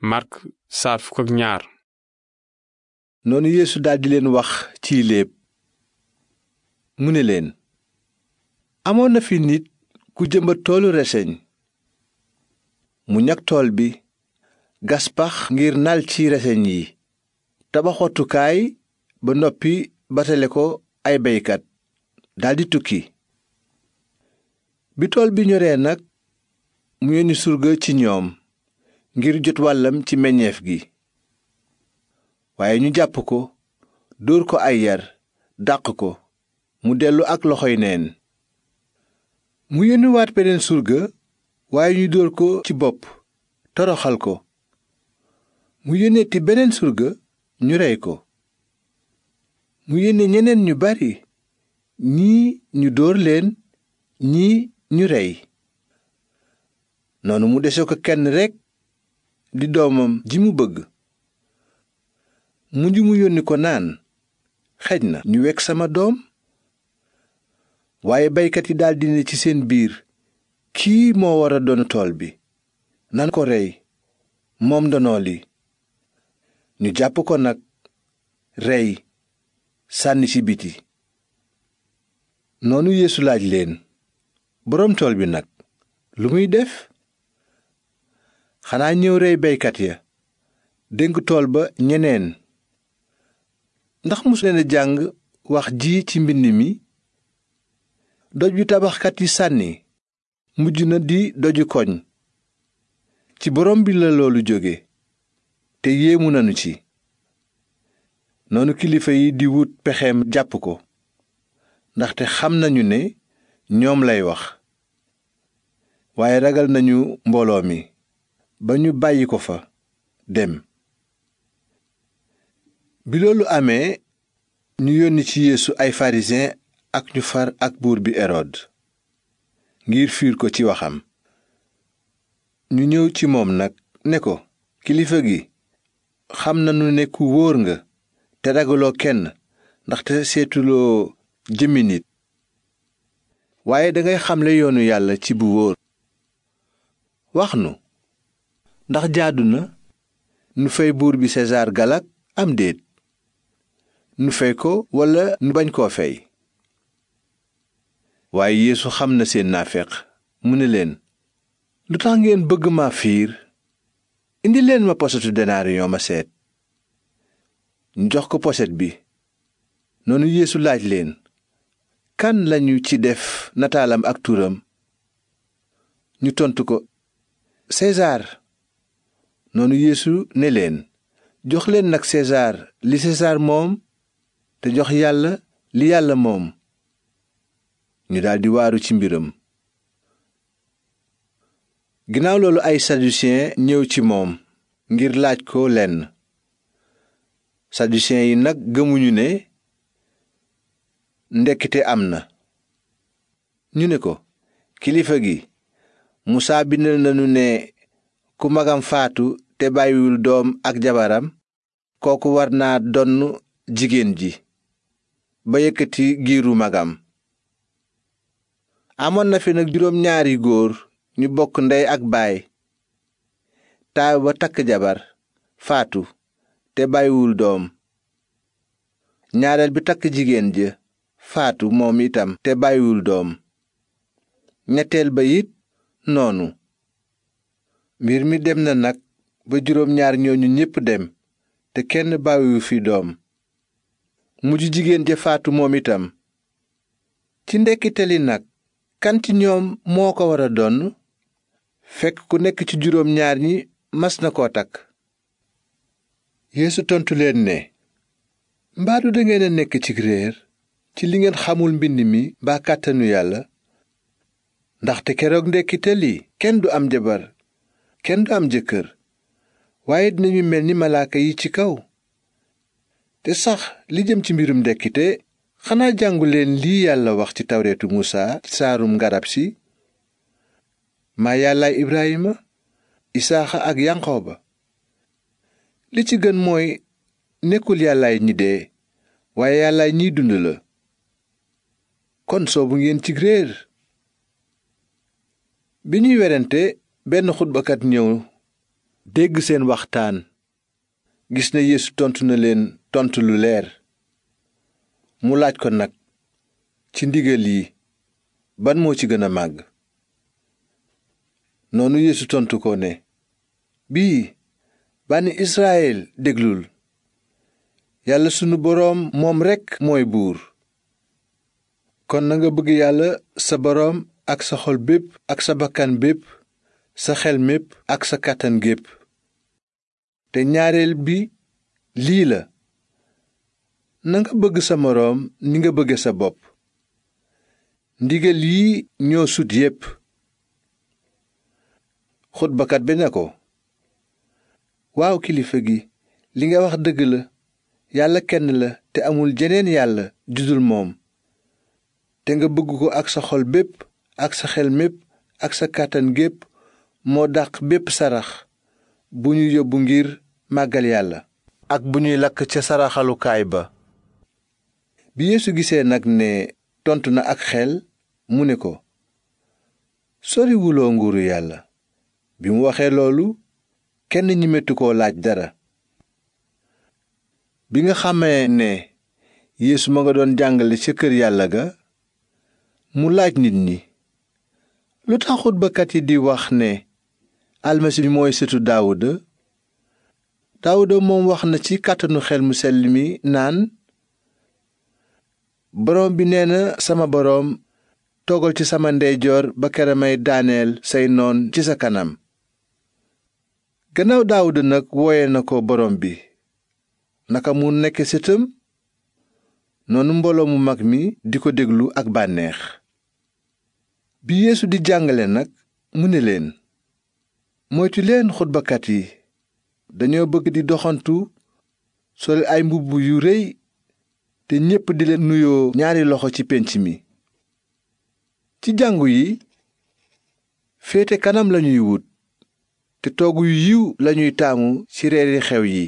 Mark saar ñaar. noonu yéesu daldi leen wax ci léeb mu ni leen amoon na fi nit ku jëmbat toolu reseñ mu ñag tool bi gaspax ngir nal ci reseñ yi tabax wattukaay ba noppi batale ko ay baykat daldi tukki bi tool bi ñoree nag mu yónni surga ci ñoom ngir jot wàllam ci meññeef gi waaye ñu jàpp ko dóor ko ay yar dàq ko mu dellu ak loxoy neen mu yónniwaat beneen surga waaye ñu dóor ko ci bopp toroxal ko mu yónneeti beneen surga ñu rey ko mu yónne ñeneen ñu bari ñii ñu dóor leen ñii ñu rey noonu mu dese ko kenn rekk di doomam ji mu bëgg mujj mu yónni ko naan xej na ñu wekk sama doom waaye baykat yi daldi ne ci seen biir kii moo war a doon tool bi nan ko rey moom ndono li ñu jàpp ko nag rey sànni ci biti noonu yeesu laaj leen boroom tool bi nag lu muy def xanaa ñëw rey beykat ya dénk tool ba ñeneen ndax mosu leen a jàng wax ji ci mbind mi doj bi tabaxkat yi sànni mujj na di doju koñ ci borom bi la loolu jóge te yéemu nanu ci noonu kilifa yi di wut pexeem jàpp ko ndaxte xam nañu ne ñoom lay wax waaye ragal nañu mbooloo mi ba ñu bàyyi ko fa dem bi loolu amee ñu yónni ci yeesu ay pharisiens ak ñu far ak buur bi erod ngir fiir ko ci waxam ñu ñëw ci moom nag ne ko kilifa gi xam nañu ne ku wóor nga te ragaloo kenn ndaxte seetuloo jëmmi nit waaye dangay xamle yoonu yàlla ci bu wóor wax nu ndax jaadu na nu fay buur bi sesaar galak am déet nu fay ko walla nu bañ koo fay waaye yéesu xam na seen naafeq mu ne leen lu tax ngeen bëgg ma fiir indi leen ma posetu denaariyon ma seet ñu jox ko poset bi noonu yéesu laaj leen kan lañu ci def nataalam ak turam ñu tontu ko sesaar noonu yéesu ne leen jox leen nag sesaar li sesaar moom te jox yàlla li yàlla moom ñu daldi waaru ci mbiram ginnaaw loolu ay saducien ñëw ci moom ngir laaj ko lenn saducien yi nag gëmuñu ne ndekkite am na ñu ne ko kilifa gi musaa bind nañu ne ku magam faatu te bàyyiwul doom ak jabaram kooku war naa donn jigéen ji ba yëkkati giiru magam amoon na fi nag juróom ñaari góor ñu bokk ndey ak baay taaw ba takk jabar faatu te bàyyiwul doom ñaareel bi takk jigéen ja faatu moom itam te bàyyiwul doom ñetteel ba it noonu mbir mi dem na nag ba juróom ñaar ñooñu ñépp dem te kenn bàyyiwu fi doom mujj jigéen ja faatu moom itam ci ndekkiteli nag kan ci ñoom moo ko war a donn fekk ku nekk ci juróom ñaar ñi mas na koo takk yéesu tontu leen ne mbaadu dangeen a nekk ci réer ci li ngeen xamul mbind mi mbaa kàttanu yàlla ndaxte keroog ndekkite li kenn du am jabar kenn du am jëkkër waaye dinañu mel ni malaaka yi ci kaw te sax li jëm ci mbirum ndekkite xanaa jàngu leen lii yàlla wax ci tawreetu muusaa saarum ngarab si maa yàllaay ibrahima isaaxa ak ba li ci gën mooy nekkul yàllaay ñi dee waaye yàllaay ñiy dund la kon soobu ngeen ci réer bi ñuy werante benn xutbakat ñëw dégg seen waxtaan gis na yeesu tontu na leen tontu lu leer mu laaj ko nag ci ndigal yi ban moo ci gën a màgg noonu yeesu tontu ko ne bii bànni israel déglul yàlla sunu boroom moom rekk mooy buur kon na nga bëgg yàlla sa boroom ak sa xol bépp ak sa bakkan bépp sa xel ak sa kàttan gépp te ñaareel bi lii la nanga bëgg sa moroom ni nga bëgge sa bopp ndigal yi ñoo sut yépp xutbakat bi ne ko waaw kilifa gi li nga wax dëgg la yàlla kenn la te amul jeneen yàlla judul moom te nga bëgg ko ak sa xol bépp ak sa xel mépp ak sa kàttan gépp moo dàq bépp sarax bu ñu yóbbu ngir màggal yàlla ak bu ñuy lakk ca saraxalukaay ba bi yeesu gisee nag ne tontu na ak xel mu ni ko soriwuloo nguuru yàlla bi mu waxee loolu kenn ñimetu koo laaj dara bi nga xamee ne yeesu ma nga doon jàngale ca kër yàlla ga mu laaj nit ñi lu tax xutbakat yi di wax ne almasi mooy sëtu daawuda daawuda moom wax na ci kàttanu xel mu sell mi naan boroom bi nee na sama boroom toogal ci sama ndeyjoor ba kera may daaneel say noon ci sa kanam gannaaw daawuda nag wooye na ko boroom bi naka mu nekk sëtam noonu mbooloo mu mag mi di ko déglu ak bànneex bi yéesu di jàngale nag mu ne leen moytu leen xutbakat yi dañoo bëgg di doxantu sol ay mbubb yu rëy te ñépp di leen nuyoo ñaari loxo ci pénc mi ci jàngu yi féete kanam lañuy wut te toogu yu yiw lañuy taamu ci reeri xew yi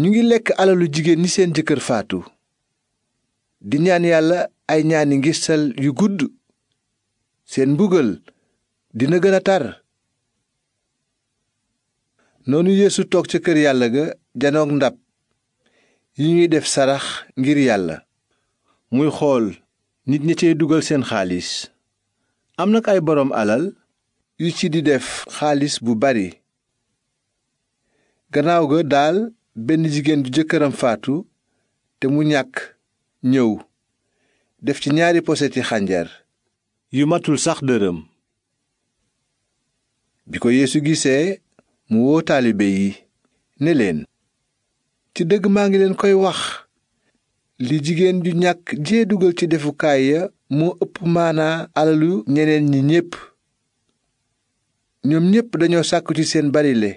ñu ngi lekk alalu jigéen ñi seen jëkkër faatu di ñaan yàlla ay ñaani ngistal yu gudd seen mbugal dina gën a tar noonu yéesu toog ca kër yàlla ga janoog ndab yi ñuy def sarax ngir yàlla muy xool nit ñi cey dugal seen xaalis am nag ay boroom alal yu ci di def xaalis bu bari gannaaw ga daal benn jigéen ju jëkkëram faatu te mu ñàkk ñëw def ci ñaari poseti xànjar yu matul sax dërëm bi ko yeesu gisee mu woo taalibe yi ne leen ci dëgg maa ngi leen koy wax li jigéen ju ñàkk jee dugal ci defukaay ya moo ëpp maanaa alalu ñeneen ñi ñépp ñoom ñépp dañoo sàkku ci seen barile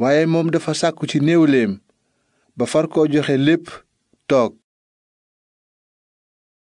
waaye moom dafa sàkku ci néewleem ba far koo joxe lépp toog